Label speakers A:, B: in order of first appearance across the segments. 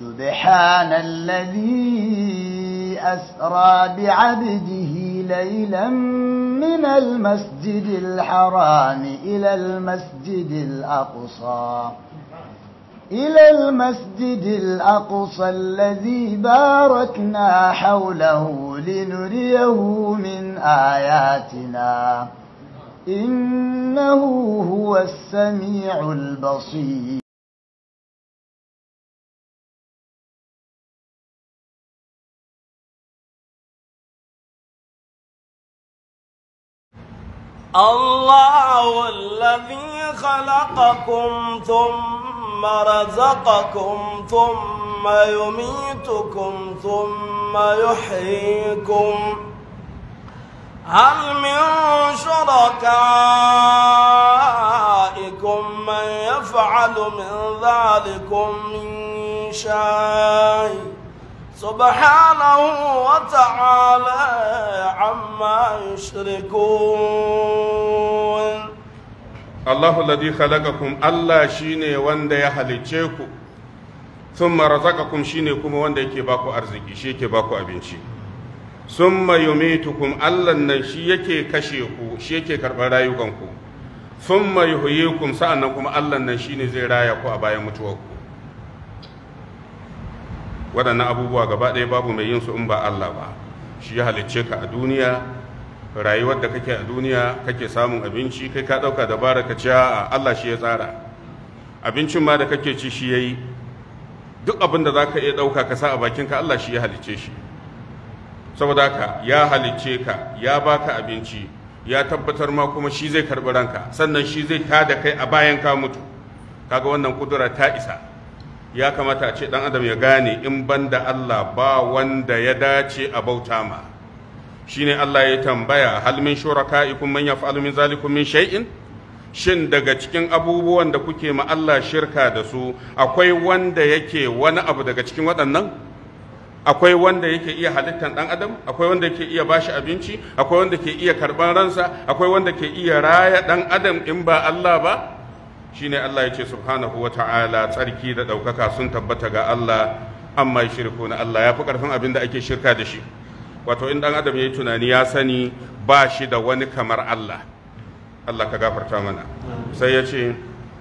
A: سبحان الذي أسرى بعبده ليلا من المسجد الحرام إلى المسجد الأقصى إلى المسجد الأقصى الذي باركنا حوله لنريه من آياتنا إنه هو السميع البصير الله الذي خلقكم ثم رزقكم ثم يميتكم ثم يحييكم هل من شركائكم من يفعل من ذلكم من شيء سبحانه وتعالى عما يشركون
B: الله الذي خلقكم الله شيني وند يهلكك ثم رزقكم شيني كما وند yake baku arziki shi yake baku abinci summa yumitukum Allah nan shi yake kashe ku shi yake karɓar rayukanku summa yuhyikum sa'annan kuma Allah nan zai raya ku a bayan mutuwarku waɗannan abubuwa gaba ɗaya babu mai yin su in ba Allah ba shi ya halicce ka a duniya rayuwar da kake a duniya kake samun abinci kai ka ɗauka dabara ka ci a Allah shi ya tsara abincin ma da kake ci shi ya yi duk abin da za ka iya ɗauka ka sa a bakinka Allah shi ya halicce shi saboda haka ya halicce ka ya baka abinci ya tabbatar ma kuma shi zai karɓi ranka sannan shi zai tada kai a bayan ka mutu kaga wannan kudura ta isa ya kamata a ce ɗan adam ya gane in banda Allah ba wanda ya dace a bauta ma shine Allah ya tambaya hal min shuraka'ikum man yaf'alu min zalikum min shay'in shin daga cikin abubuwan da kuke ma Allah shirka da su akwai wanda yake wani abu daga cikin waɗannan akwai wanda yake iya halittar ɗan adam akwai wanda yake iya bashi abinci akwai wanda ke iya karɓar ransa akwai wanda ke iya raya ɗan adam in ba Allah ba shine Allah ya ce subhanahu wa ta'ala tsarki da ɗaukaka sun tabbata ga Allah amma shirku na Allah ya fi ƙarfin abin da ake shirka da shi wato in ɗan adam ya yi tunani ya sani ba shi da wani kamar Allah Allah ka gafarta mana sai ya ce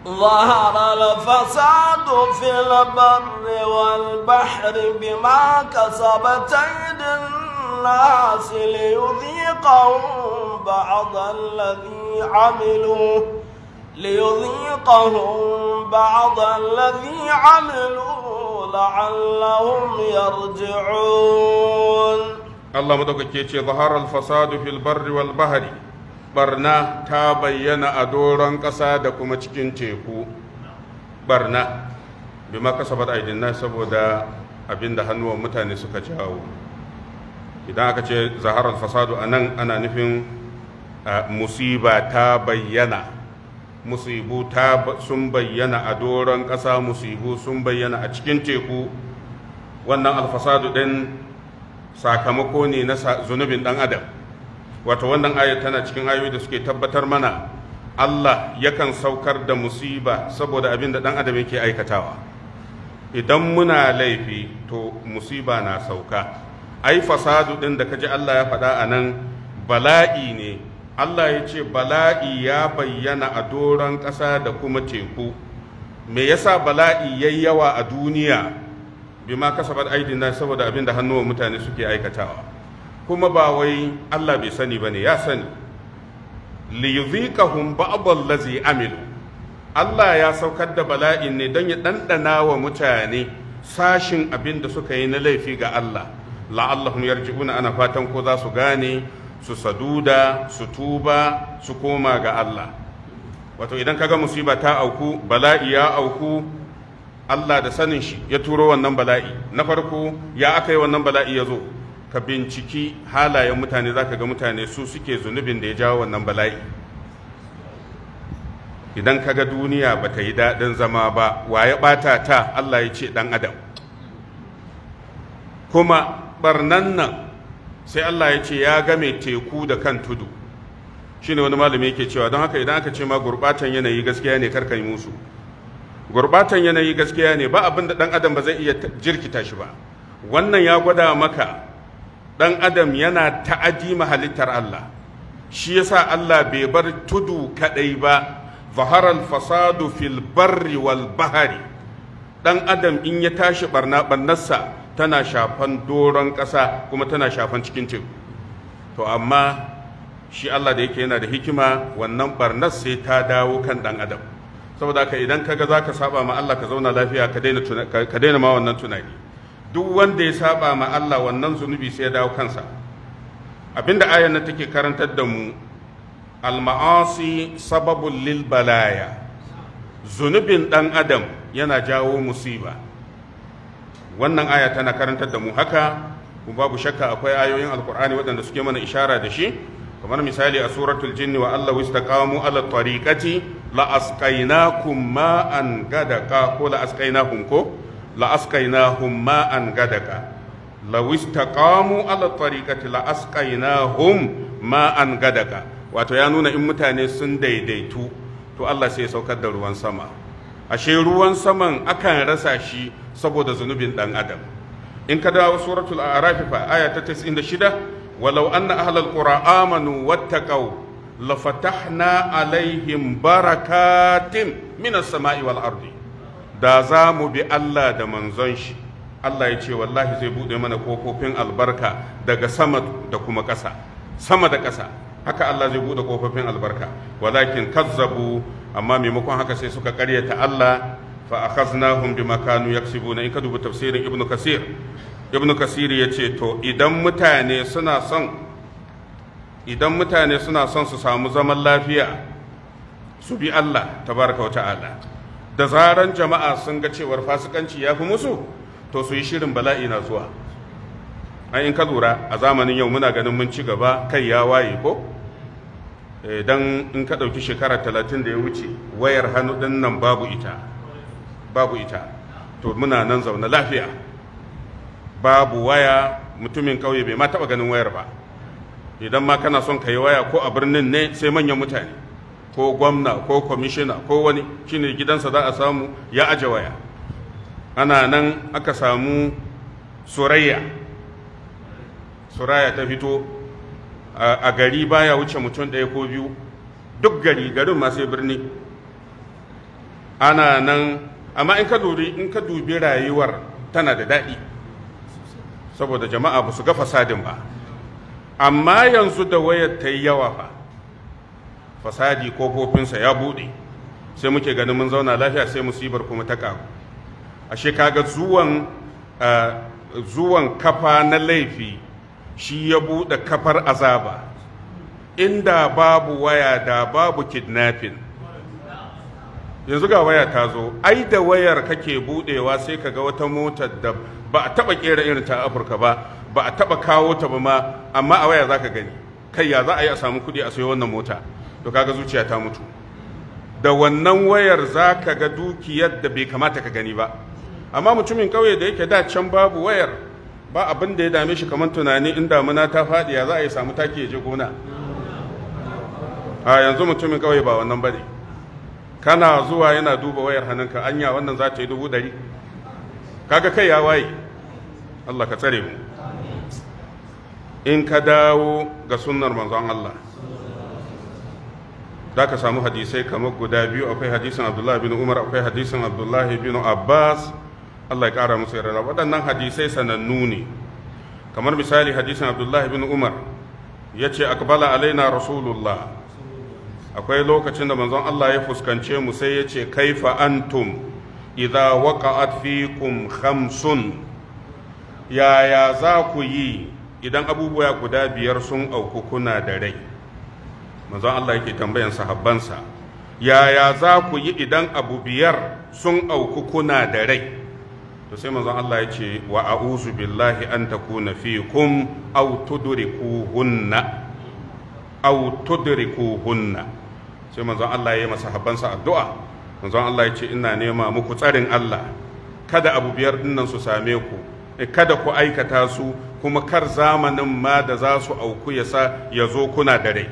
A: ظهر الفساد في البر والبحر بما كسبت أيدي الناس ليذيقهم بعض الذي عملوا ليذيقهم بعض الذي عملوا لعلهم يرجعون
B: الله مدوك كيتي ظهر الفساد في البر والبحر برنا تبين أدورا قصادكم تشكين تيكو برنا بما كسبت أيدي الناس ودا abin da hannuwan mutane suka jawo idan aka ce zaharar fasadu a nan ana nufin musiba ta bayyana musibu ta sun bayyana a doron ƙasa musibu sun bayyana a cikin teku wannan alfasadu ɗin sakamako ne na zunubin ɗan adam wato wannan ayat tana cikin ayoyi da suke tabbatar mana Allah yakan saukar da musiba saboda abin da ɗan adam yake aikatawa idan muna laifi to musiba na sauka ai fasadu ɗin da kaji Allah ya faɗa a nan bala'i ne Allah ya ce bala'i ya bayyana a doron ƙasa da kuma teku me yasa bala'i yayi yawa a duniya bima kasabar na saboda abin da hannuwan mutane suke aikatawa kuma ba wai Allah bai sani ba ne, ya sani li yudhiqahum ba'd amilu Allah ya saukar da bala'i ne don ya ɗanɗana wa mutane sashin abin da suka yi na laifi ga Allah la'allahum yarji'una ana fatan ko za su gane su saduda su tuba su koma ga Allah wato idan kaga musiba ta auku bala'i ya auku Allah da sanin shi ya turo wannan bala'i na farko ya aka yi wannan bala'i ya zo ka binciki halayen mutane zaka ga mutane su suke zunubin da ya jawo wannan bala'i idan kaga duniya bata yi daɗin zama ba wa ya ɓata ta Allah ya ce ɗan adam kuma barnan nan sai Allah ya ce ya game teku da kan tudu shine wani malami yake cewa don haka idan aka ce ma gurbatan yanayi gaskiya ne karka yi musu gurbatan yanayi gaskiya ne ba abin da dan adam ba zai iya jirkita shi ba wannan ya gwada maka dan adam yana ta'adi mahalittar Allah shi yasa Allah bai bar tudu kaɗai ba zaharar fasadu fil barri wal bahari dan adam in ya tashi barna barnarsa tana shafan doron ƙasa kuma tana shafan cikin teku to amma shi Allah da yake yana da hikima wannan barnas sai ta dawo kan dan adam saboda ka idan kaga zaka saba ma Allah ka zauna lafiya ka daina ma wannan tunani duk wanda ya saba ma Allah wannan zunubi sai ya dawo kansa abinda ayan nan take karantar da mu al-ma'asi sababul lil balaya zunubin dan adam yana jawo musiba wannan aya tana karantar da mu haka kuma babu shakka akwai ayoyin alkur'ani waɗanda suke mana ishara da shi kamar misali a suratul jinni wa Allah wastaqamu ala tariqati la asqainakum ma'an gadaka ko la asqainahum ko la asqainahum ma'an gadaka la wastaqamu ala tariqati la asqainahum ma'an gadaka wato ya nuna in mutane sun daidaitu to Allah sai ya saukar da ruwan sama ashe ruwan saman akan rasa shi saboda zunubin dan adam in ka dawo suratul a'raf fa aya ta 96 walau anna ahlal qura amanu wattaqau fatahna alaihim barakatin minas sama'i wal ardi da za mu bi Allah da manzon shi Allah ya ce wallahi zai bude mana kofofin albarka daga sama da kuma ƙasa sama da ƙasa haka Allah zai bude kofofin albarka walakin kazzabu amma maimakon haka sai suka karyata Allah fa akhaznahum bima kanu yaksibuna in ka dubi tafsirin ibnu kasir ibnu kasir yace to idan mutane suna son idan mutane suna son su samu zaman lafiya su bi Allah tabaraka wa ta'ala da zaran jama'a sun ga cewar fasikanci ya fi musu to su yi shirin bala'i na zuwa an in ka lura a zamanin yau muna ganin mun ci gaba kai ya waye ko Eh, don in ka ɗauki shekara talatin da ya wuce wayar hannu ɗin nan babu ita babu ita to muna nan zaune lafiya babu waya mutumin ƙauye bai ma taɓa ganin wayar ba idan ma kana son ka yi waya ko a birnin ne sai manyan mutane ko gwamna ko kwamishina ko wani shine gidansa za a samu ya aje waya ana nan aka samu surayya suraya ta fito a gari baya wuce mutum ɗaya ko biyu duk gari garin ma sai birni ana nan amma in ka dubi in ka dubi rayuwar tana da daɗi saboda jama'a ba su ga fasadin ba amma yanzu da wayar ta yi yawa fa fasadi kofofinsa ya buɗe sai muke ganin mun zauna lafiya sai musibar kuma ta ƙaru ashe kaga zuwan eh, zuwan kafa na laifi shi ya buɗe kafar azaba inda babu waya da babu kidnapping yanzu ga waya ta zo ai da wayar kake buɗewa sai ka ga wata motar da ba a taɓa ƙera irin ta afirka ba ba a taɓa kawo ta ba ma amma a waya za ka gani kai ya za a yi a samu kuɗi a sayo wannan mota to kaga zuciya ta mutu da wannan wayar za ka ga dukiyar da bai kamata ka gani ba amma mutumin ƙauye da yake da can babu wayar ba abin da ya dame shi kamar tunani in damuna ta faɗi ya za a yi samu taki ya je gona a yanzu mutumin kawai ba wannan bane kana zuwa yana duba wayar hannunka anya wannan za ta yi dubu ɗari kaga kai ya waye Allah ka tsare mu in ka dawo ga sunnar manzon Allah za ka samu hadisai kamar guda biyu akwai hadisin Abdullah bin Umar akwai hadisin Abdullah bin Abbas Allah ya ƙara musu yarda waɗannan hadisai sanannu ne kamar misali hadisin Abdullahi bin Umar ya ce akbala alaina rasulullah akwai lokacin da manzon Allah ya fuskance mu sai ya ce kaifa antum idza waqa'at fikum khamsun yaya za ku yi idan abubuwa guda biyar sun auku kuna da rai manzon Allah yake tambayan sahabbansa yaya za ku yi idan abu biyar sun auku kuna da rai to sai manzon Allah ya ce wa a'udhu billahi an takuna fikum aw hunna aw hunna sai manzon Allah ya yi masahabansa addu'a manzon Allah ya ce ina nema muku tsarin Allah kada abu biyar dinnan su same ku eh, kada ku aikata su kuma kar zamanin ma da za su auku ya sa ya zo kuna da rai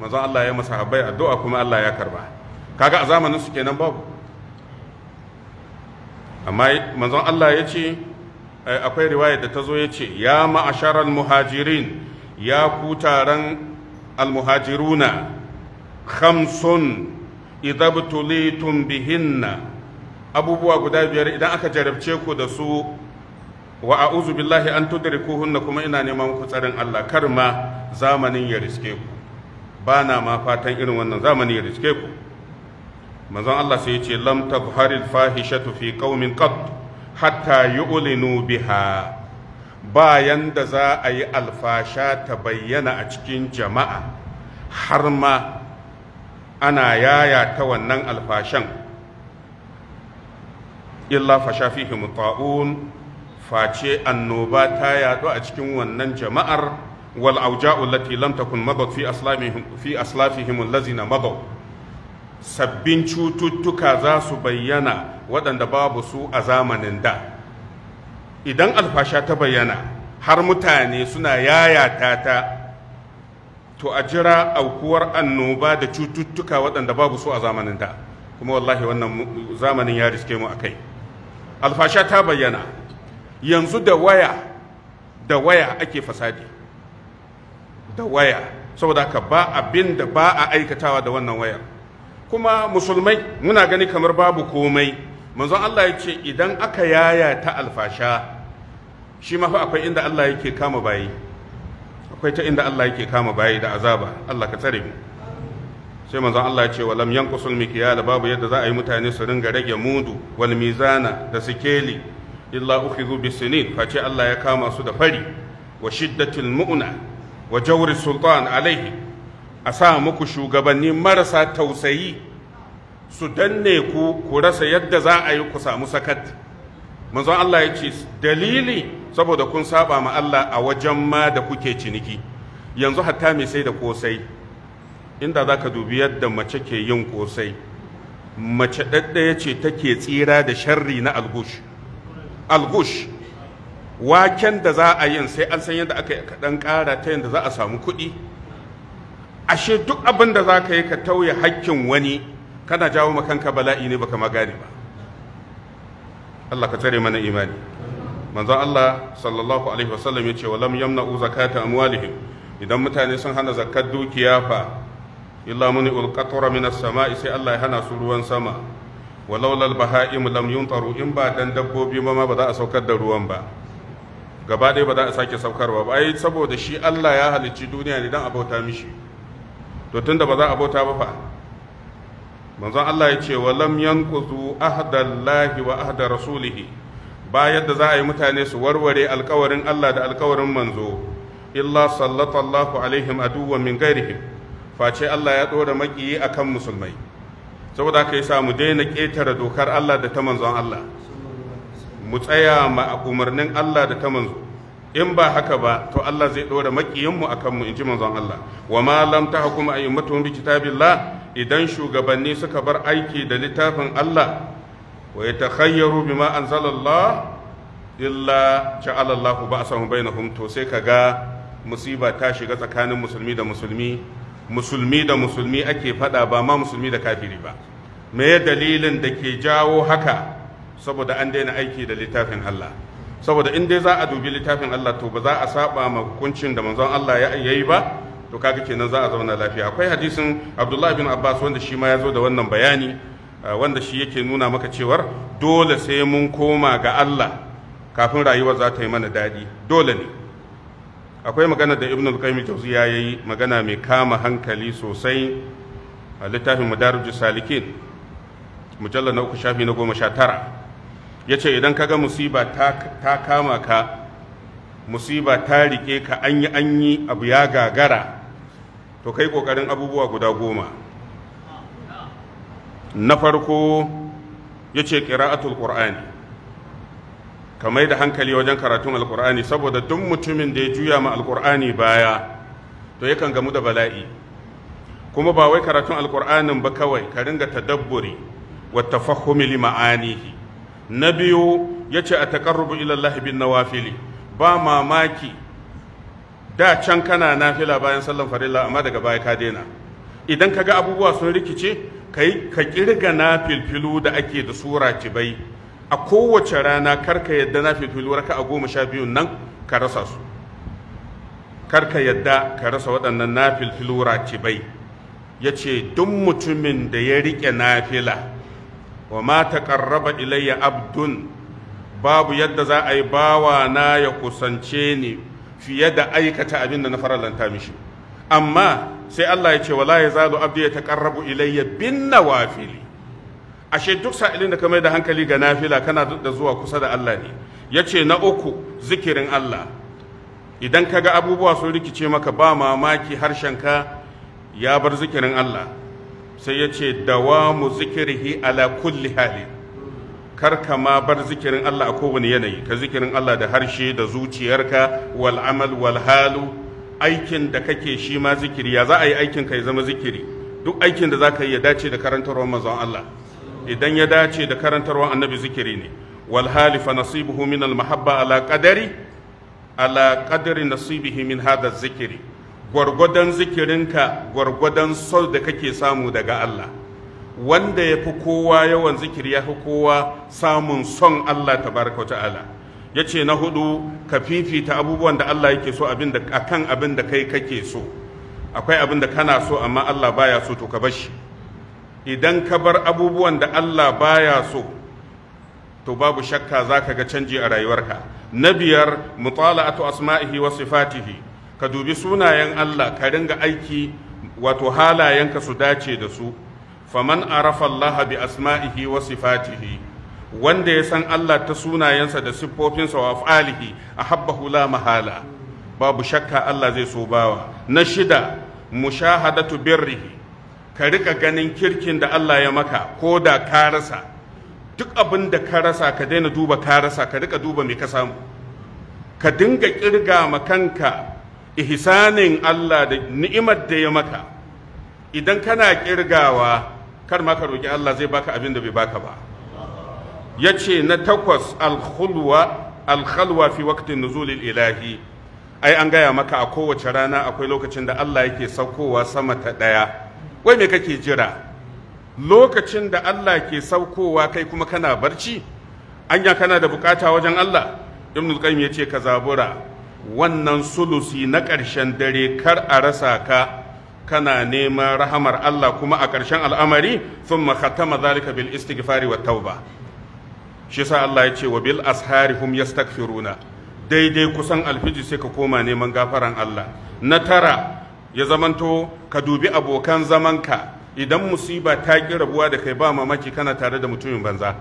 B: manzon Allah ya masahabai addu'a kuma Allah ya karba kaga a zamanin su kenan babu amma manzon Allah ya ce akwai riwaya da ta zo ya ce ya ma'asharal muhajirin ya ku taron almuhajiruna khamsun idabtulitum bihinna abubuwa guda biyar idan aka jarabce ku da su wa a'udhu billahi an tudrikuhunna kuma ina neman ku tsarin Allah karma ma zamanin ya riske ku ba na ma fatan irin wannan zamanin ya riske ku manzon Allah sai ce lam tabharil fahishatu fi qaumin qat hatta yu'linu biha bayan da za a yi alfasha ta bayyana a cikin jama'a har ma ana yaya ta wannan alfashan illa fasha fihi muta'un face annoba ta yadu a cikin wannan jama'ar wal auja'u lati lam takun madat fi aslafihim fi aslafihim allazina madaw sabbin cututtuka za su bayyana waɗanda babu su a zamanin da idan alfasha ta bayyana har mutane suna yayata ta to a jira aukuwar annoba da cututtuka waɗanda babu su a zamanin da kuma wallahi wannan zamanin ya riske mu a kai alfasha ta bayyana yanzu da waya da waya ake fasadi da waya saboda ka ba abin da ba a aikatawa da wannan wayar kuma musulmai muna gani kamar babu komai manzon Allah ya ce idan aka yaya ta alfasha shi ma fa akwai inda Allah yake kama bayi akwai ta inda Allah yake kama bayi da azaba Allah ka tsare mu sai manzon Allah ya ce wa yanqusul mikyal babu yadda za a yi mutane su ringa rage mudu wal mizana da sikeli illa ukhidhu bisinin face Allah ya kama su da fari wa shiddatil mu'na wa jawri sultan alaihi a sa muku shugabanni marasa tausayi su danne ku ku rasa yadda za a yi ku samu sakat manzon Allah ya ce dalili saboda kun saba ma Allah a wajen ma da kuke ciniki yanzu hatta mai sai da kosai inda za dubi yadda mace ke yin kosai mace ɗaɗɗaya ce take tsira da sharri na algush algush waken da za a yin sai an san yadda aka dan kaɗan ƙara ta yadda za a samu kuɗi ashe duk abin da za ka yi ka tauye hakkin wani kana jawo makanka bala'i ne baka magani ba Allah ka tsare mana imani manzon Allah sallallahu alaihi wasallam ya ce wa lam yamna'u zakata amwalihim idan mutane sun hana zakat dukiya fa illa muni ulqatra min as-sama'i sai Allah ya hana su ruwan sama walau lal baha'im lam yuntaru in ba dan dabbobi ma ba za a saukar da ruwan ba gaba ɗaya ba za a sake saukarwa ba ai saboda shi Allah ya halicci duniya ne dan abauta mishi to tunda ba za a bauta ba fa manzon Allah ya ce wa lam yanquzu ahdallahi wa ahda rasulih ba yadda za a yi mutane su warware alkawarin Allah da alkawarin manzo illa sallallahu alaihim aduwwan min ghairihim face Allah ya dora makiyi akan musulmai saboda haka sa mu daina ƙetare dokar Allah da ta manzon Allah mu tsaya ma umarnin Allah da ta manzo in ba haka ba to Allah zai ɗora maƙiyanmu a kanmu in ji manzon Allah wa ma lam tahkum a'immatuhum bi kitabillah idan shugabanni suka bar aiki da littafin Allah wa yatakhayyaru bima anzalallah illa ja'ala Allahu ba'sahum bainahum to sai kaga musiba ta shiga tsakanin musulmi da musulmi musulmi da musulmi ake faɗa ba ma musulmi da kafiri ba me dalilin da ke jawo haka saboda an daina aiki da littafin Allah saboda in dai za a dubi littafin Allah to ba za a saba ma hukuncin da manzon Allah ya yi ba to kaga kenan za a zauna lafiya akwai hadisin Abdullah bin Abbas wanda shi ma ya zo da wannan bayani eh, wanda shi yake nuna maka cewar dole sai mun koma ga Allah kafin rayuwar za ta yi mana daɗi dole ne akwai magana da Ibn al-Qayyim ya yi magana mai kama hankali sosai a littafin Madarijus Salikin mujallar na uku shafi na goma sha tara ya ce idan kaga musiba ta kama ka musiba ta rike ka an yi an yi abu ya gagara to kai kokarin abubuwa guda goma na farko ya ce ƙira'atul ƙur'ani kamar da hankali wajen karatun al'kur'ani saboda duk mutumin da ya juya ma al'kur'ani baya to yakan gamu da bala'i kuma ba wai karatun alƙur'anin ba kawai ka ringa tadabburi wa tafahumi li ma'anihi na biyu ya ce a taƙarrubu ilallahi bin nawafili ba mamaki da can kana nafila bayan sallan farilla amma daga baya ka daina idan ka ga abubuwa sun rikice ka ka kirga na filfilu da ake da sura bai a kowace rana karka yadda na filfilu raka a goma sha biyun nan ka rasa su karka yadda ka rasa waɗannan na filfilu bai ya ce duk mutumin da ya riƙe nafila wa ma ƙarraba ilayya abdun babu yadda za a yi bawa na ya kusance ni fiye da aikata abin da na faralanta mishi amma sai Allah ya ce wala ya ta yataqarrabu ilayya bin nawafili ashe duk sa'ilin da ka mai da hankali ga nafila kana da zuwa kusa da Allah ne ya ce na uku zikirin Allah idan ka ga abubuwa sun rikice maka ba mamaki harshen ka ya bar zikirin Allah sai ya ce dawamu zikirhi ala kulli hali kar ka ma bar zikirin Allah a kowane yanayi ka zikirin Allah da harshe da zuciyarka wal amal wal halu aikin da kake shi ma zikiri ya za a yi aikin ka ya zama zikiri duk aikin da zaka yi ya dace da karantarwar manzon Allah idan ya dace da karantarwar annabi zikiri ne wal hali fa nasibuhu min al mahabba ala qadari ala qadri nasibihi min hadha zikiri gwargwadon zikirinka gwargwadon sol da kake samu daga Allah wanda ya fi kowa yawan zikiri ya fi kowa samun son Allah tabaraka ta'ala ya ce na hudu ka fifita abubuwan da Allah yake so a kan abin da kai kake so akwai abin da kana so amma Allah baya so to ka bashi idan ka bar abubuwan da Allah baya so to babu shakka za ka ga canji a rayuwarka na biyar mutala'atu asma'ihi wa sifatihi ka dubi sunayen Allah ka ringa aiki wato halayenka su dace da su faman arafa Allah bi asma'ihi wa sifatihi wanda ya san Allah ta sunayensa da siffofinsa wa af'alihi ahabbahu la mahala babu shakka Allah zai so bawa na shida mushahadatu birrihi ka rika ganin kirkin da Allah ya maka ko da ka rasa duk abin da ka rasa ka daina duba ka rasa ka rika duba me ka samu ka dinga kirga ma kanka ihsanin Allah da ni'imar da ya maka idan kana kirgawa kar ma ka roki Allah zai baka abin da bai baka ba yace na takwas al-khulwa al khulwa fi waqtin nuzulil ilahi ai an gaya maka a kowace rana akwai lokacin da Allah yake saukowa sama ta daya wai me kake jira lokacin da Allah ke saukowa kai kuma kana barci anya kana da bukata wajen Allah ibnul qayyim yace ka zabura wannan sulusi na ƙarshen dare kar a rasa ka kana neman rahamar Allah kuma a ƙarshen al'amari sun makhatama zalika bil istighfari wa tauba shi sa Allah ya ce wa bil ashari hum yastaghfiruna daidai kusan alfiji sai ka koma neman gafaran Allah na tara ya zamanto ka dubi abokan zamanka idan musiba ta ƙi rabuwa da kai ba mamaki kana tare da mutumin banza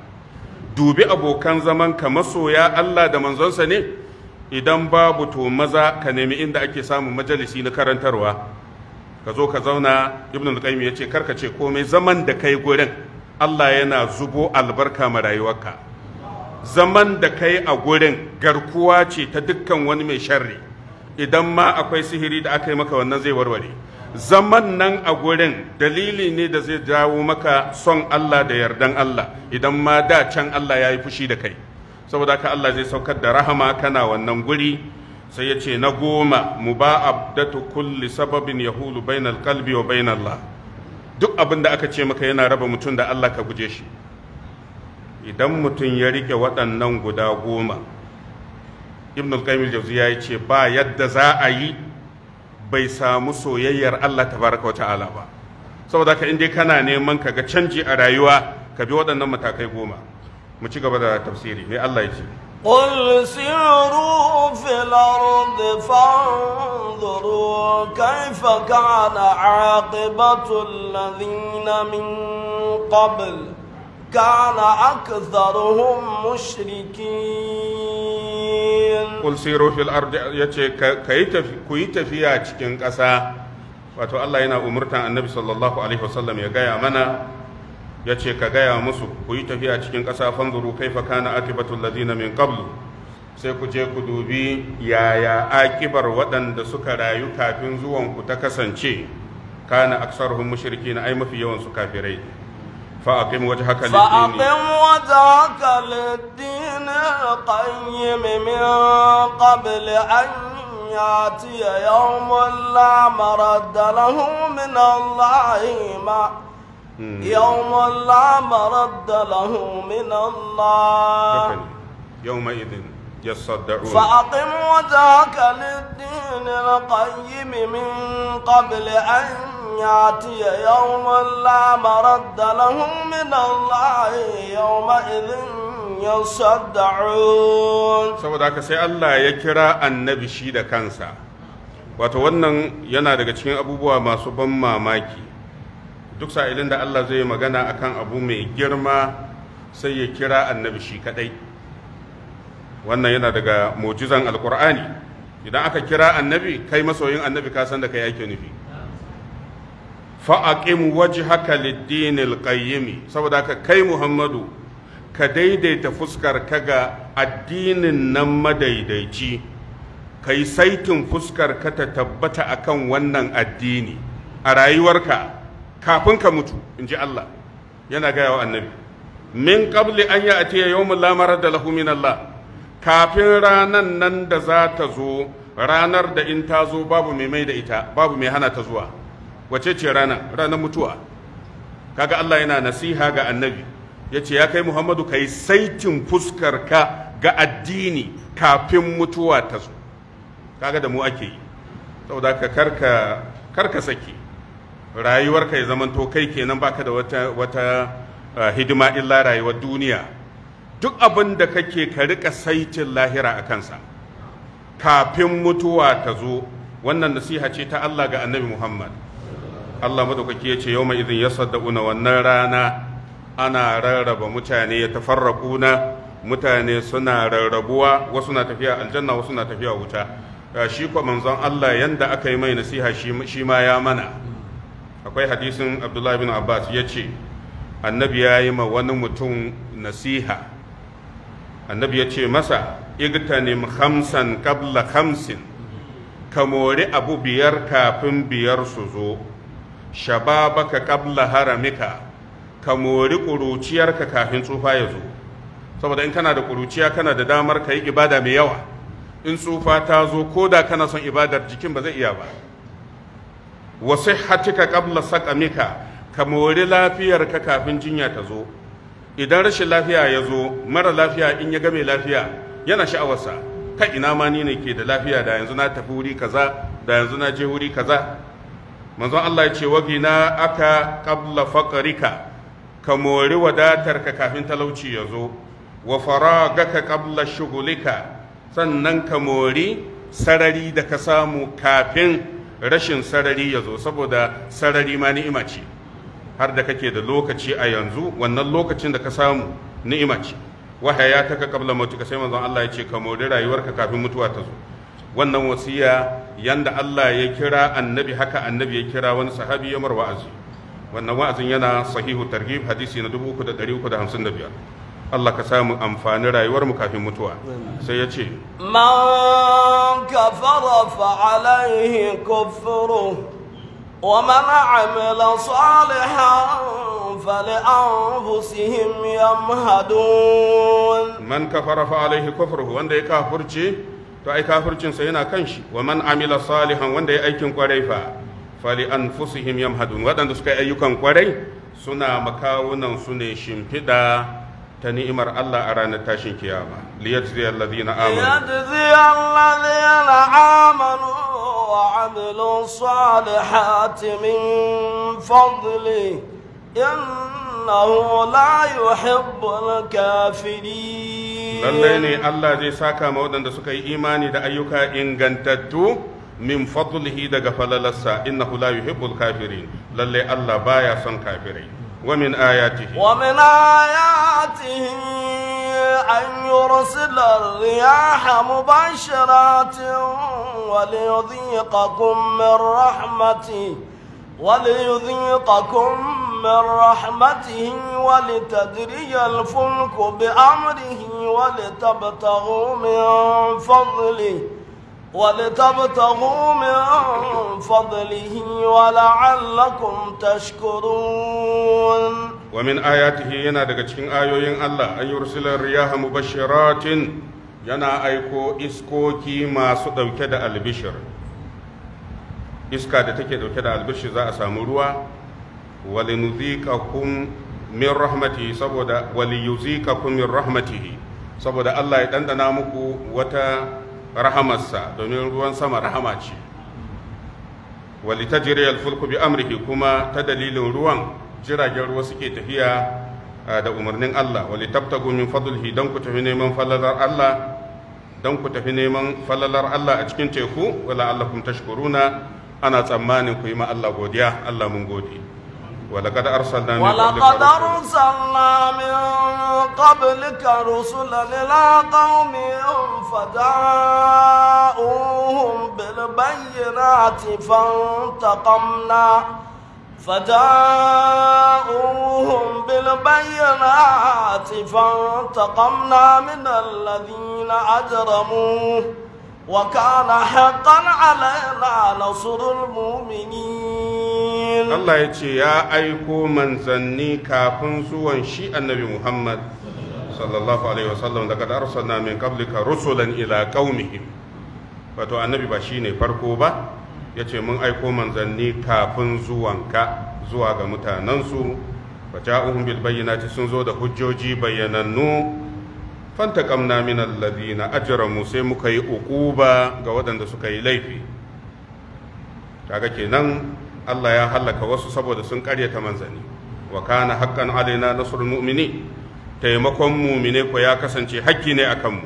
B: dubi abokan zamanka masoya Allah da manzonsa ne idan babu to maza ka nemi inda ake samun majalisi na karantarwa ka zo ka zauna ibn al-qayyim yace karka ce komai zaman da kai gurin Allah yana zubo albarka ma rayuwarka zaman da kai a gurin garkuwa ce ta dukkan wani mai sharri idan ma akwai sihiri da aka yi maka wannan zai warware zaman nan a gurin dalili ne da zai jawo maka son Allah da yardan Allah idan ma da can Allah ya yi fushi da kai saboda ka Allah zai saukar da rahama kana wannan guri sai ya ce na goma mu ba abdatu kulli sababin yahulu bainal qalbi wa bainallah duk abin da aka ce maka yana raba mutum da Allah ka guje shi idan mutum ya rike waɗannan guda goma ibn al-qayyim al-jawziya ya ce ba yadda za a yi bai samu soyayyar Allah tabaraka wa ta'ala ba saboda ka inda kana neman ka ga canji a rayuwa ka bi waɗannan matakai goma mu ci gaba da tafsiri ne Allah ya ce
A: قل سيروا في الأرض فانظروا كيف كان عاقبة الذين من قبل كان أكثرهم مشركين
B: قل سيروا في الأرض يتي كي تفيا تشكين قسا فتو الله ينا أمرتا النبي صلى الله عليه وسلم يقايا منا ya ce ka gaya musu ku yi tafiya cikin ƙasa fanzuru fa kana akibatul ladina min kablu sai ku je ku dubi yaya akibar waɗanda suka rayu kafin zuwan ku ta kasance kana aksaruhum mushrikin ai mafi yawan su kafirai فأقم waje haka فأقم
A: وجهك للدين القيم من قبل أن يأتي يوم لا مرد له من الله Hmm. يوم لا مرد له من الله
B: يومئذ يصدعون فأقم
A: وجهك للدين القيم من قبل أن يأتي يوم لا مرد له من الله يومئذ يصدعون
B: saboda haka sai Allah ya kira annabi shi da kansa wato wannan yana daga cikin abubuwa masu ban mamaki duk sa'ilin da Allah zai magana akan abu mai girma sai ya kira annabi shi kadai wannan yana daga mu'jizan alqur'ani idan aka kira annabi kai masoyin annabi ka san da kai yake nufi fa aqim wajhaka lid-din al-qayyim saboda ka kai Muhammadu ka daidaita fuskar ka ga addinin nan madaidaici kai saitin fuskar ka ta tabbata akan wannan addini a rayuwarka kafin ka mutu in ji Allah yana gaya wa annabi min qabli an ya'tiya yawmul la marada lahu min Allah kafin ranan nan da za ta zo ranar da in ta zo babu mai mai da ita babu mai hana ta zuwa wace ce rana ranar mutuwa kaga Allah yana nasiha ga annabi yace ya kai Muhammadu kai saitin fuskar ka ga addini kafin mutuwa ta zo kaga da mu ake yi saboda ka karka karka saki rayuwarka ya zamanto kai kenan baka da wata wata ah, hidima illa rayuwar duniya duk abin da kake ka rika saitin lahira a kansa kafin mutuwa ta zo wannan nasiha ce ta Allah ga annabi Muhammad Allah madaukaki ya ce yawma idin yasaddaquna wannan rana ana rarraba mutane ya tafarraquna mutane suna rarrabuwa wasu na tafiya aljanna wasu na tafiya wuta ah, shi ko manzon Allah yanda aka yi mai nasiha shi ma ya mana akwai hadisin abdullahi bin abbas ya ce annabi ya yi ma wani mutum nasiha annabi ya ce masa igtanim hamsan kabla hamsin ka mori abu biyar kafin biyar su zo shababaka kabla haramika ka mori ƙuruciyarka kafin tsufa ya zo saboda in kana da kuruciya kana da damar ka yi ibada mai yawa in tsufa ta zo ko da kana son ibadar jikin ba zai iya ba wa kabla saka sakamika, ka mori lafiyarka kafin jinya ta zo idan rashin lafiya ya zo mara lafiya in ya ga mai lafiya yana sha'awarsa ka ina ma ni ne ke da lafiya da yanzu na tafi wuri kaza da yanzu na je wuri kaza manzon Allah ya ce wagina aka qabla faqrika ka mori wadatarka kafin talauci ya zo wa faragaka qabla shughulika sannan ka mori sarari da ka samu kafin rashin sarari ya zo saboda sarari ma ni'ima ce har da kake da lokaci a yanzu wannan lokacin da ka samu ni'ima ce wahaya ta ka kabla ka sai manzon Allah ya ce ka mori rayuwarka kafin mutuwa ta zo wannan wasiya yanda Allah ya kira annabi haka annabi ya kira wani sahabi ya marwa wa'azi wannan wa'azin yana sahihu targhib hadisi na 3355 Allah ka samu amfani rayuwarmu kafin mutuwa sai ya ce
A: man kafara fa alaihi kufru wa man amila salihan fali anfusihim yamhadun
B: man kafara fa alaihi kufru wanda ya kafurce to ai kafurcinsa yana kan shi wa man amila salihan wanda ya aikin kwarai fa fali anfusihim yamhadun waɗanda suka yi ayyukan kwarai suna makawunan su ne shimfiɗa ta ni'imar Allah a ranar tashin kiyama liyajzi alladhina amanu liyajzi
A: alladhina amanu wa amilu salihati min fadli innahu la yuhibbul kafirin
B: lallai ne Allah zai saka ma waɗanda suka yi imani da ayyuka ingantattu min fadlihi daga falalarsa innahu la yuhibbul kafirin lallai Allah baya son kafirai ومن آياته
A: ومن آياته أن يرسل الرياح مبشرات وليذيقكم من رحمته وليذيقكم من رحمته ولتدري الفلك بأمره ولتبتغوا من فضله ولتبتغوا من فضله ولعلكم تشكرون
B: ومن آياته ينا daga cikin ayoyin Allah an yursila riyaha mubashiratin yana aiko iskoki masu dauke da albishir iska da take ɗauke da albishir za a samu ruwa walinuzikakum min rahmatihi saboda waliyuzikakum min saboda Allah ya ɗanɗana muku wata rahamarsa domin ruwan sama rahama ce wali ta jiriyar bi amurki kuma ta dalilin ruwan jiragen ruwa suke tafiya ah, da umarnin Allah wali tabtagu min fadlhi don ku tafi neman falalar Allah don ku tafi neman falalar Allah a cikin teku wala allakum tashkuruna ana tsammanin ku yi ma Allah godiya Allah mun gode ولقد أرسلنا من ولقد
A: أرسلنا من قبلك رسلا إلى قومهم فجاءوهم بالبينات فانتقمنا فجاءوهم بالبينات فانتقمنا من الذين أجرموا وكان حقا علينا نصر المؤمنين
B: Allah ya ce ya aiko manzanni kafin zuwan shi annabi Muhammad sallallahu alaihi wasallam daga arsalna min qablika rusulan ila qaumihim wato annabi ba shine farko ba yace mun aiko manzanni kafin zuwanka zuwa ga mutanansu ja'uhum bil bayyinati sun zo da hujjoji bayyanannu fantaqamna min alladhina ajramu sai muka yi uquba ga waɗanda suka yi laifi kaga kenan Allah ya hallaka wasu saboda sun karyata manzani wa kana haqqan alaina nasrul mu'mini taimakon mu'mine ko ya kasance hakki ne akan mu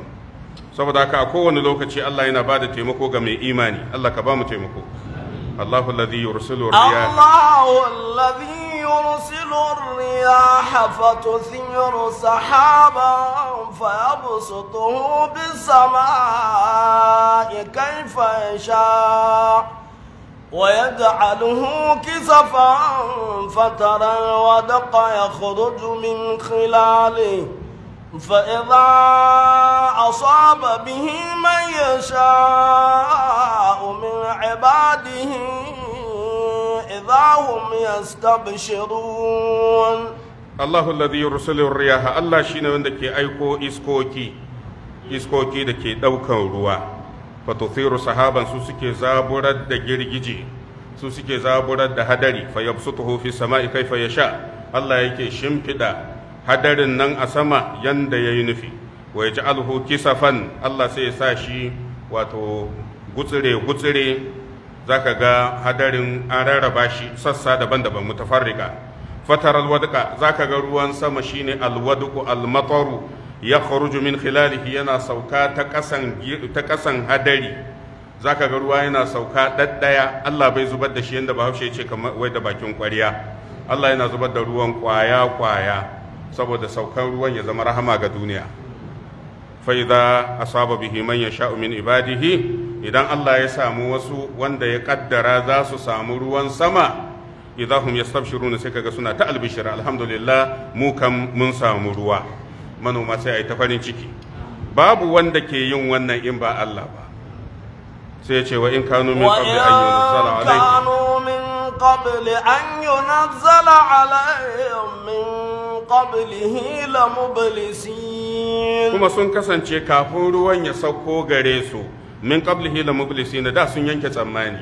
B: saboda haka a kowane lokaci Allah yana bada taimako ga mai imani Allah ka ba mu taimako الله الذي يرسل الرياح
A: الله الذي يرسل الرياح فتثير سحابا فيبسطه بالسماء كيف يشاء ويجعله كسفا فترى الودق يخرج من خلاله فإذا أصاب به من يشاء من عباده إذا هم يستبشرون
B: الله الذي يرسل الرياح الله شينا وندك أيكو إسكوكي إسكوكي دكي دوكا روا fa sahaban su suke zaburar da girgije su suke zaburar da hadari fa yabsutuhu fi sama'i kaifa yasha Allah yake shimfida hadarin nan a sama yanda yayi nufi wa yaj'aluhu kisafan Allah sai ya sa shi wato gutsire gutsire zaka ga hadarin an rarraba shi sassa daban-daban mutafarrika fatar alwadqa zaka ga ruwan sama shine alwadqu almataru ya kharuju min khilalihi yana sauka ta kasan ta kasan hadari zaka ga ruwa yana sauka daddaya Allah bai zubar da shi yanda Bahaushe ce kamar wai da bakin kwariya Allah yana zubar da ruwan kwaya kwaya saboda saukan ruwan ya zama rahama ga duniya fa idza asaba bihi man yasha'u min ibadihi idan Allah ya samu wasu wanda ya kaddara za su samu ruwan sama hum yastabshiruna sai kaga suna ta albishira alhamdulillah mu kam mun samu ruwa manoma sai a ta farin ciki babu wanda ke yin wannan in ba Allah ba sai ce wa in kanu min
A: qabli an yunzala alaihim kuma
B: sun kasance kafin ruwan ya sauko gare su min qablihi lamublisin da sun yanke tsammani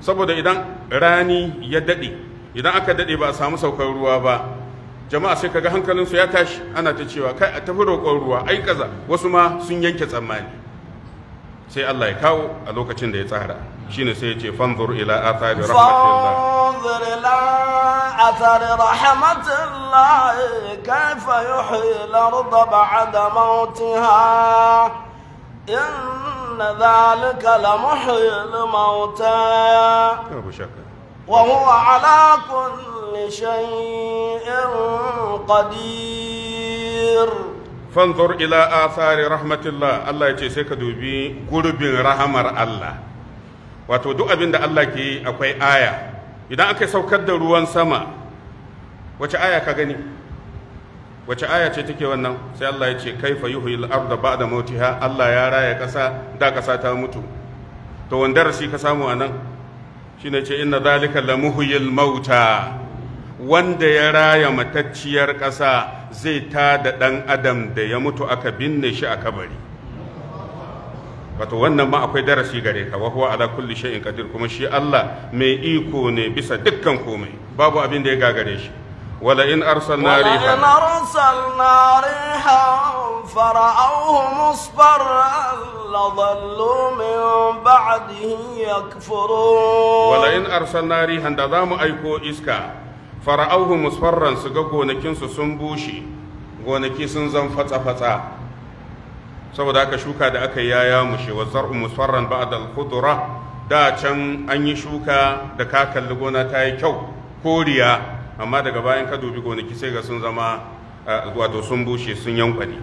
B: saboda idan rani ya dade idan aka dade ba a samu saukar ruwa ba jama'a sai kaga hankalinsu ya tashi ana ta cewa kai a tafi roƙon ruwa ai kaza wasu ma sun yanke tsammani sai Allah ya kawo a lokacin da ya tsara shine sai ya ce fanzur ila athari rahmatillah
A: fanzur yuhyi al-ard ba'da mawtiha inna dhalika la muhyi al-mauta babu shakka وهو على كل شيء
B: قدير فانظر الى اثار رحمه الله الله يجي سيك دوبي غربن رحمر الله wato duk abin da Allah ke yi akwai aya idan aka saukar da ruwan sama wace aya ka gani wace aya ce take wannan sai Allah ya ce kaifa yuhyil arda ba'da mautiha Allah ya raya kasa da kasa ta mutu to wanda rashi ka samu anan shi ne ce ina zalika lamuhuyin mauta wanda ya raya matacciyar ƙasa zai ta da ɗan adam da ya mutu aka binne shi a kabari wato wannan ma akwai darasi gare ka wa huwa ala kulli shay'in qadir kuma shi Allah mai iko ne bisa dukkan komai babu abin da ya gagare shi wala in arsalna riha wala in
A: arsalna riha فرأوه مصفرا لظلوا من بعده يكفرون ولئن
B: أرسلنا ريحا دام أيكو إسكا فرأوه مصفرا سقو نكين سنبوشي gonaki sun zan fatsa saboda aka shuka da aka yi yaya mushe wa zar'u musfarran ba'dal khudra da can an yi shuka da ka kalli gona ta yi kyau koriya amma daga bayan kadubi, dubi gonaki sai ga sun zama wato sun bushe sun yankwane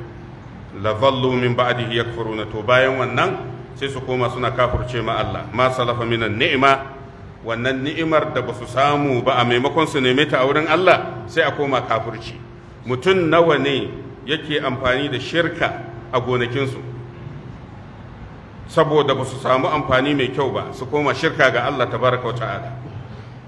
B: lavallu min ba'dihi yakfuruna to bayan wannan sai su koma suna kafurce ma Allah ma salafa minan ni'ima wannan ni'imar da basu samu ba a maimakon su neme ta a wurin Allah sai a koma kafurci mutum nawa ne yake amfani da shirka a gonakinsu saboda ba su samu amfani mai kyau ba su koma shirka ga Allah tabaraka wa ta'ala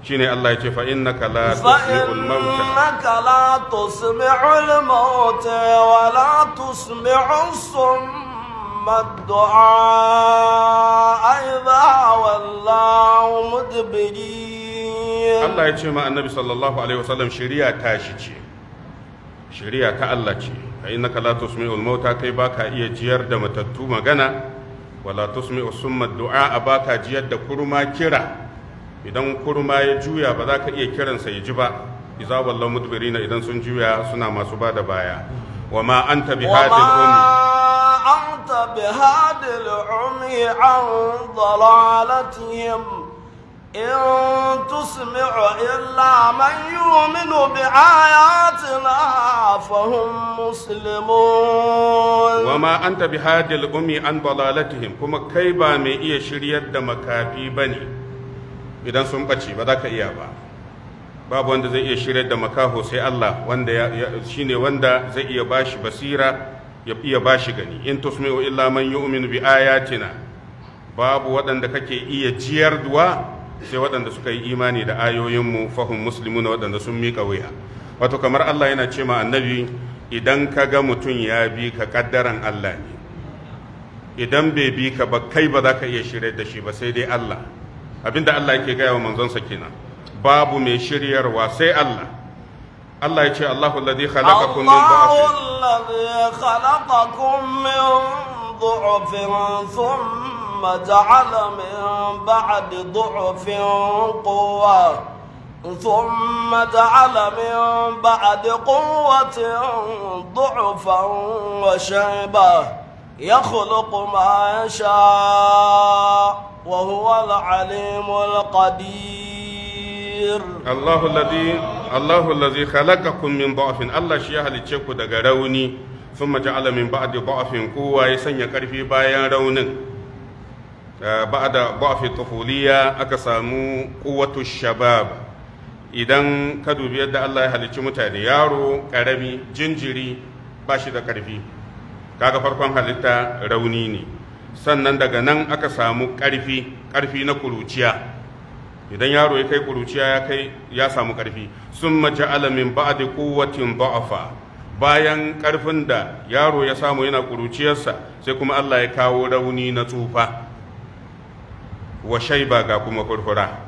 B: shine Allah ya ce fa innaka la tusmi'ul mauta innaka
A: la tusmi'ul mauta wa la tusmi'u summa Allah
B: ya ce ma annabi sallallahu alaihi wasallam shari'a ta shi shari'a ta Allah ce fa innaka la tusmi'ul mauta kai baka iya jiyar da matattu magana wala tusmi'u baka jiyar da kurma kira idan kurma ya juya ba za ka iya kiransa ya ji ba iza wallahu mudbirina idan sun juya suna masu ba da baya wa ma anta bihadil
A: anta umi an dalalatihim إن تسمع إلا من يؤمن بآياتنا فهم مسلمون وما
B: أنت بهاد الأمي عن ضلالتهم كما كيبا مي إيه شريد مكافي بني idan sun ɓace ba za ka iya ba babu wanda zai iya shirya da makaho sai Allah wanda shi ne wanda zai iya ba shi basira ya iya shi gani in tusmi'u illa man yu'minu bi ayatina babu waɗanda kake iya jiyar duwa sai waɗanda suka yi imani da ayoyinmu fahim muslimuna waɗanda sun miƙa wuya wato kamar Allah yana ce ma annabi idan ka ga mutum ya bi ka kaddaran Allah ne idan bai bi ka ba kai ba za ka iya shirya da shi ba sai dai Allah abinda Allah yake gaya wa manzonsa kenan babu mai shiryarwa sai Allah Allah ya ce Allahu alladhi
A: khalaqakum min dha'fin alladhi khalaqakum min dha'fin thumma ja'ala min ba'di dha'fin quwwatan ثم جعل من بعد قوة ضعفا وشيبة يخلق ما يشاء وهو العليم القدير
B: الله الذي الله الذي خلقكم من ضعف الله شيء هل تشكو دغروني ثم جعل من بعد ضعف قوة يسني كرفي بايا رونن بعد ضعف الطفولية أكسامو قوة الشباب idan ka dubi yadda Allah ya halicci mutane yaro karami jinjiri ba shi da karfi kaga farkon halitta rauni ne sannan daga nan aka samu ƙarfi ƙarfi na kuruciya idan yaro ya kai kuruciya ya kai ya samu ƙarfi sun ja'ala min da kowacin baafa bayan ƙarfin da yaro ya samu yana kuruciyarsa sai kuma Allah ya kawo rauni na tsufa wa shaiba ga kuma furfura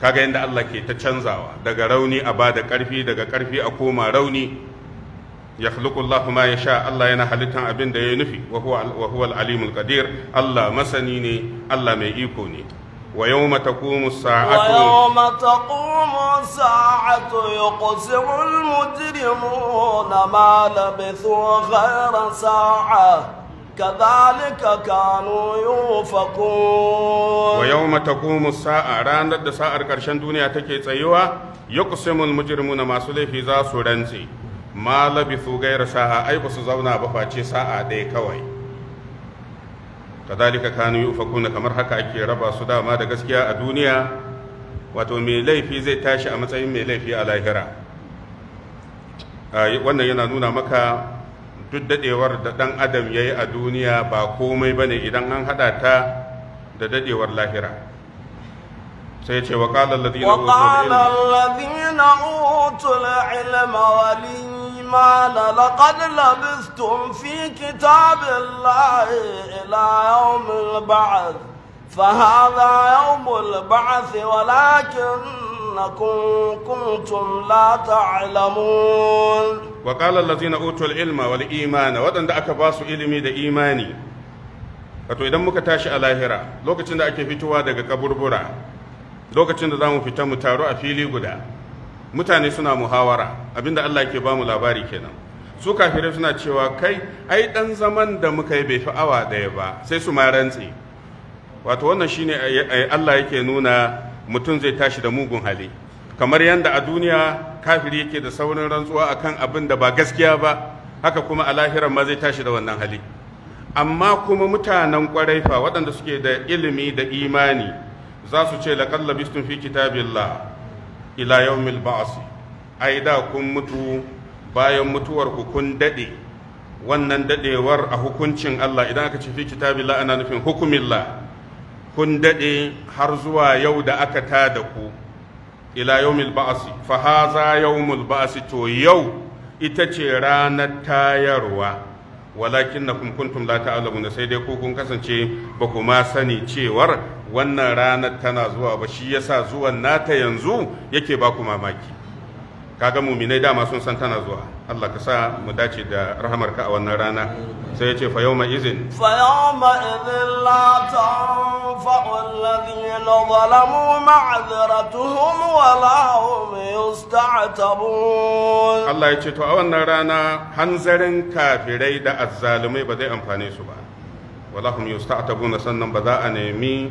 B: kaga yadda Allah ke ta canzawa daga rauni a bada ƙarfi daga ƙarfi a koma rauni yakhluqu Allah ma yasha Allah yana halittan abin da ya nufi wa huwa al-alimul qadir Allah masani ne Allah mai iko ne wa yawma taqumu as-sa'atu wa yawma
A: taqumu as-sa'atu yuqsimu al-mujrimuna ma labithu ghayra sa'ah كذلك كانوا يوفقون ويوم
B: تقوم الساعة راند الساعة كرشن دنيا تكي تسيوا يقسم المجرمون ما سلفي ذا سورنسي ma labithu gaira sa'a ai ba su zauna ba face sa'a ɗaya kawai kadhalika kanu yufakuna kamar haka ake raba su dama da gaskiya a duniya wato mai laifi zai tashi a matsayin mai laifi a lahira wannan yana nuna maka duk dadewar da dan adam ya yi a duniya ba komai ba ne, idan an haɗa ta da dadewar lahira sai ce wa ƙalar alladhina
A: utul ilma المال لقد لبثتم في كتاب الله إلى يوم البعث فهذا يوم البعث ولكنكم كنتم لا تعلمون
B: وقال الذين أوتوا العلم والإيمان ودن دا أكباسوا إلمي دا إيماني wato idan muka tashi a lahira lokacin da ake fitowa daga kaburbura lokacin da za mu fita mu taru a fili guda mutane suna muhawara abinda Allah ke bamu labari kenan su kafirai suna cewa kai ai dan zaman da muka yi bai fi awa ɗaya ba sai su ma rantse wato wannan shine Allah yake nuna mutum zai tashi da mugun hali kamar yadda a duniya kafiri yake da saurin rantsuwa akan abin da ba gaskiya ba haka kuma a lahiran ma zai tashi da wannan hali amma kuma mutanen kwarai fa waɗanda suke da ilimi da imani za su ce laqad labistum fi kitabillah ila yawmil ba'si ai da kun mutu bayan mutuwar ku kun dade wannan dadewar a hukuncin Allah idan aka ce fi kitabillah ana nufin hukumillah kun dade har zuwa yau da aka tada ku ila yawmil ba'si fa haza yawmul ba'si to yau ita ce ranar tayarwa walakin na kuntum la na sai dai ku kun kasance ba ku ma sani cewar wannan ranar tana zuwa ba shi yasa zuwan nata yanzu yake ba ku mamaki kaga muminai dama sun san tana zuwa Allah ka sa mu dace da rahamarka a wannan rana sai ya ce fa yawma izin
A: fa yawma idhin la tanfa'u alladhina zalamu ma'dharatuhum wa la hum yusta'tabun Allah ya ce to a
B: wannan rana hanzarin kafirai da azzalumai ba zai amfane su ba wala hum yusta'tabun sannan ba za a nemi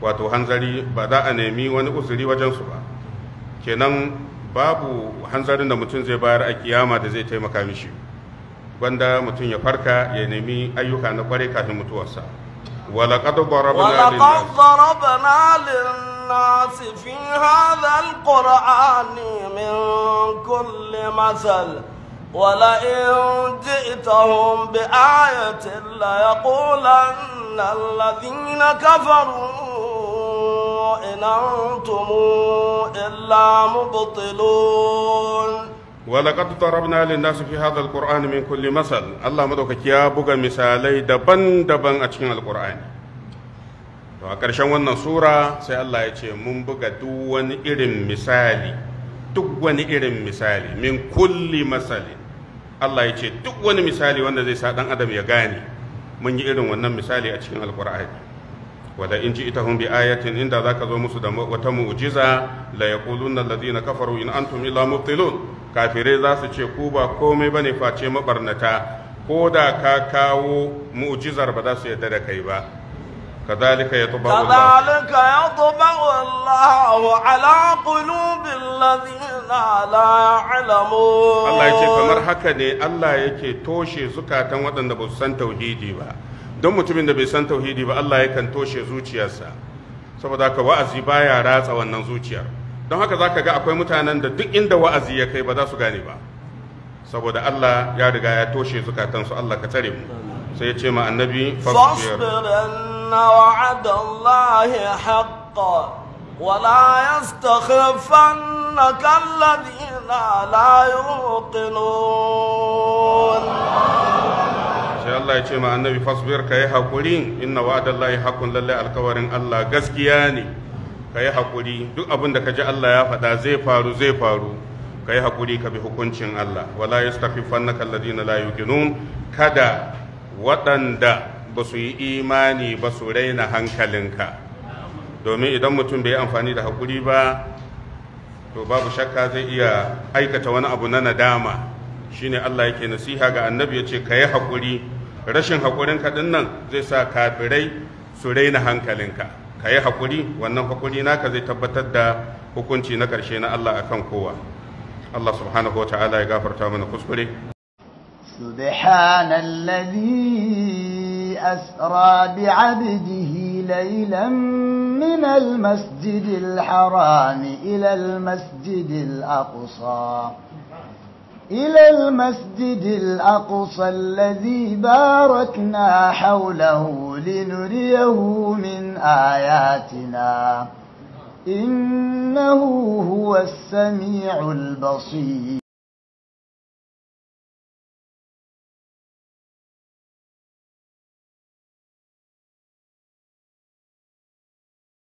B: wato hanzari ba za a nemi wani usuri wajen su ba kenan babu hanzarin da mutum zai bayar a kiyama da zai taimaka mishi banda mutum ya farka ya nemi ayyuka na kware kafin mutuwarsa ولقد ضربنا ولقد
A: ضربنا للناس Wala هذا القرآن من كل مثل ولئن جئتهم بآية ليقولن الذين كفروا إن أنتم إلا مبطلون
B: ولقد ضربنا للناس في هذا القرآن من كل مثل الله مدوكك يا بغى مثالي دبن دبن أتشين القرآن to a ƙarshen wannan sura sai Allah ya ce mun buga duk wani irin misali duk wani irin misali min kulli masali Allah ya ce duk wani misali wanda zai sa ɗan adam ya gane mun yi irin wannan misali a cikin alƙur'ani wala in ita bi ayatin inda zaka zo musu da wata mu'jiza la yaquluna alladhina kafaru in antum illa mubtilun kafire za su ce ku ba komai ne face mabarnata ko da ka kawo mu'jizar ba za su yarda da kai ba kadhalika yatba'u kadhalika
A: yatba'u Allahu ala qulubil ladina la ya'lamun Allah yake kamar
B: haka ne Allah yake toshe zukatan waɗanda ba su san tauhidi ba don mutumin da bai san tauhidi ba Allah yakan toshe zuciyarsa saboda haka wa'azi baya ratsa wannan zuciyar don haka zaka ga akwai mutanen da duk inda wa'azi ya kai ba za su gane ba saboda Allah ya riga ya toshe zukatansu Allah ka tsare mu sai ya ce ma annabi fasbir
A: anna wa'ada Allah ولا يستخفنك الذين لا يوقنون
B: sai Allah ya ce ma annabi fasbir ka yi haƙuri inna wa'adallahi hakun lalle alkawarin Allah gaskiya ne ka yi haƙuri duk abin da ka ji Allah ya faɗa zai faru zai faru ka yi haƙuri ka bi hukuncin Allah wala yastakhifannaka alladhina la yuqinun kada waɗanda ba su yi imani ba su raina hankalinka domin idan mutum bai amfani da haƙuri ba to babu shakka zai iya aikata wani abu na nadama shine Allah yake nasiha ga annabi ya ce ka yi haƙuri rashin haƙurin ka nan zai sa kafirai su raina hankalinka ka yi haƙuri wannan haƙuri naka zai tabbatar da hukunci na ƙarshe na Allah akan kowa Allah subhanahu wa ta'ala ya gafarta mana kuskure
A: سبحان الذي أسرى min al masjidil المسجد إلى المسجد الأقصى الذي باركنا حوله لنريه من آياتنا إنه هو السميع البصير